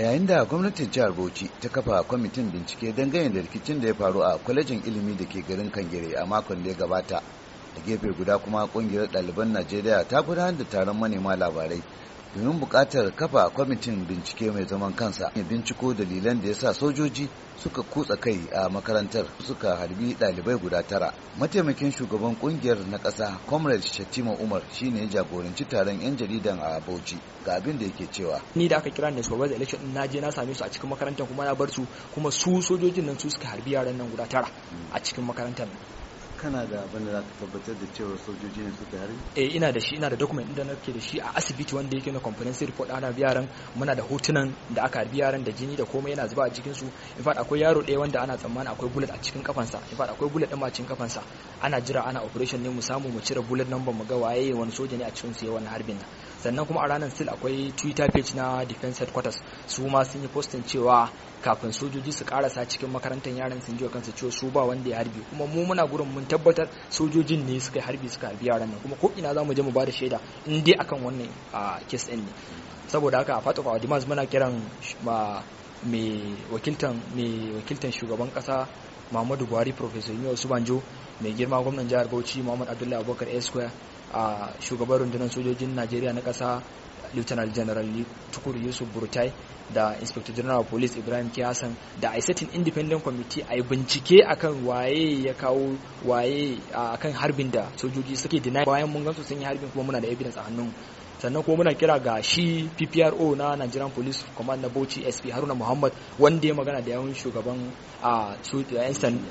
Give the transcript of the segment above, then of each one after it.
yayin da gwamnatin jihar bauchi ta kafa kwamitin bincike dangane da rikicin da ya faru a kwalejin ilimi da ke garin kangere a makon da ya gabata a gefe guda kuma kungiyar ɗaliban najeriya ta gudanar da taron manema labarai domin bukatar kafa kwamitin bincike mai zaman kansa ya binciko dalilan da ya sa sojoji suka kutsa kai a makarantar suka harbi ɗalibai guda tara mataimakin shugaban ƙungiyar na ƙasa comrade shatima umar shine ya jagoranci taron 'yan jaridan a bauchi ga abin da yake cewa ni da aka kira ni supervisor election na je na same su a cikin makarantar kuma na bar su kuma su sojojin nan su suka harbi yaran nan guda tara a cikin makarantar kana da abin da za ka tabbatar da cewa sojoji ne suka hari eh ina da shi ina da dokumen document da ke da shi a asibiti wanda yake na comprehensive report ana yaran muna da hotunan da aka harbi yaran da jini da komai yana zuba a cikin su in fact akwai yaro ɗaya wanda ana tsammanin akwai bullet a cikin kafansa in fact akwai bullet din ma cikin kafansa ana jira ana operation ne mu samu mu cire bullet number mu ga waye wani soja ne a cikin su ya wannan harbin nan sannan kuma a ranar still akwai twitter page na defense headquarters su ma sun yi postin cewa kafin sojoji su karasa cikin makarantar yaran sun jiwa kansu cewa su ba wanda ya harbi kuma mu muna gurin mun tabbatar sojojin ne suka harbi suka harbi yaran nan kuma ko ina zamu je mu da shaida in dai akan wannan a kes din ne saboda haka a Fatou Fawadimas muna kiran mai wakiltan shugaban kasa Muhammadu Buhari Professor Yemi Osubanjo mai girma gwamnan jihar Bauchi Muhammad Abdullahi Abubakar Esquire a shugaban rundunar sojojin Najeriya na kasa lieutenant general tukur yusuf burtai da inspector general of police ibrahim kiyasan da a setting independent committee a yi bincike akan waye ya kawo waye akan harbin da sojoji suke deny bayan mun gansu sun yi harbin kuma muna da evidence a hannun sannan kuma muna kira ga shi PPRO na Nigerian Police Command na Bauchi SP Haruna Muhammad wanda ya magana da yawan shugaban a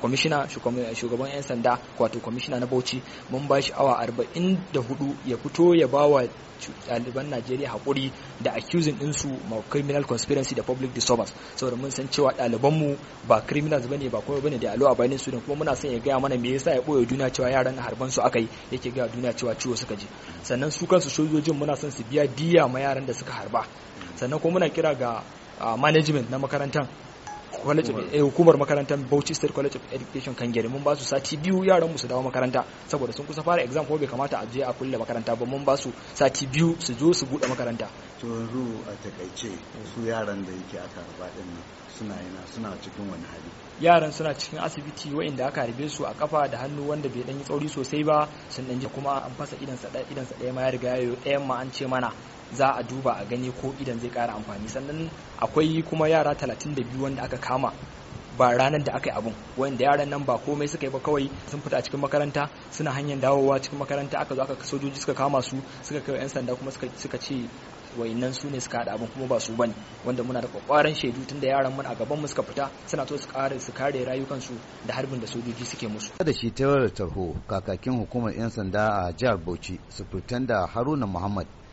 commissioner shugaban yan sanda wato commissioner na Bauchi mun ba shi awa 44 ya fito ya ba wa ɗaliban Najeriya haƙuri da accusing ɗinsu ma criminal conspiracy da public disturbance saboda mun san cewa ɗalibanmu ba criminals bane ba kuma bane da alo a bayanin su da kuma muna son ya gaya mana me yasa ya ɓoye duniya cewa yaran harban su aka yi yake gaya duniya cewa ciwo suka ji sannan su kansu sojojin muna kira son su biya diya ma yaran da suka harba sannan kuma muna kira ga ah, management na makarantar college of eh, hukumar makarantar Bauchi State College of Education kan gari mun ba su sati biyu yaran mu su dawo makaranta saboda sun kusa fara exam ko bai kamata a je a kulle makaranta ba mun ba su sati biyu su zo su bude makaranta to yanzu a takaice su yaran da yake aka din nan suna yana suna cikin wani hali yaran suna cikin asibiti wa'inda aka harbe su a kafa da hannu wanda bai dan yi tsauri sosai ba sun dan ji kuma an fasa idan sa idan sa ɗaya ma ya riga ya ɗayan ma an ce mana za a duba a gani ko idan zai kara amfani sannan akwai kuma yara 32 wanda aka kama ba ranar da aka yi abun wanda yaran nan ba komai suka yi ba kawai sun fita a cikin makaranta suna hanyar dawowa cikin makaranta aka zo aka sojoji suka kama su suka kai yan sanda kuma suka ce wayannan su ne suka haɗa abin kuma ba su bane wanda muna da kwakwaran shaidu tunda yaran mun a gaban mu suka fita suna to su kare su kare su da harbin da sojoji suke musu da shi tawar tarho kakakin hukumar yan sanda a jihar Bauchi su da Haruna Muhammad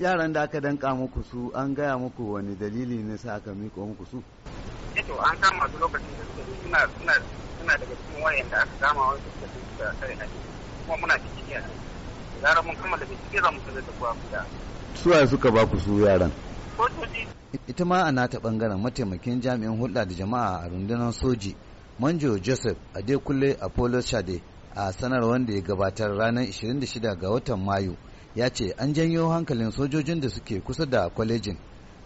yaran da aka danka muku su an gaya muku wani dalili ne sa aka miko muku su eh to an kama su lokacin da suka suna suna suna daga cikin wayan da aka kama wani suka su suka kare haji kuma muna ciki yanzu zarar mun kammala bincike za mu sanar da kuwa kuda suwaye suka ba ku su yaran ita ma a nata bangaren mataimakin jami'in hulɗa da jama'a a rundunar soji manjo joseph adekunle apollo shade a sanar wanda ya gabatar ranar 26 ga watan mayu ya ce an janyo hankalin sojojin da suke kusa da kwalejin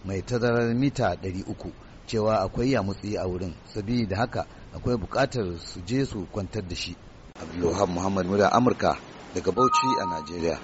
mai tazarar mita 300 cewa akwai yamutsi a wurin sabida haka akwai bukatar su je su kwantar da shi Abdullahi muhammad muda amurka daga bauchi a najeriya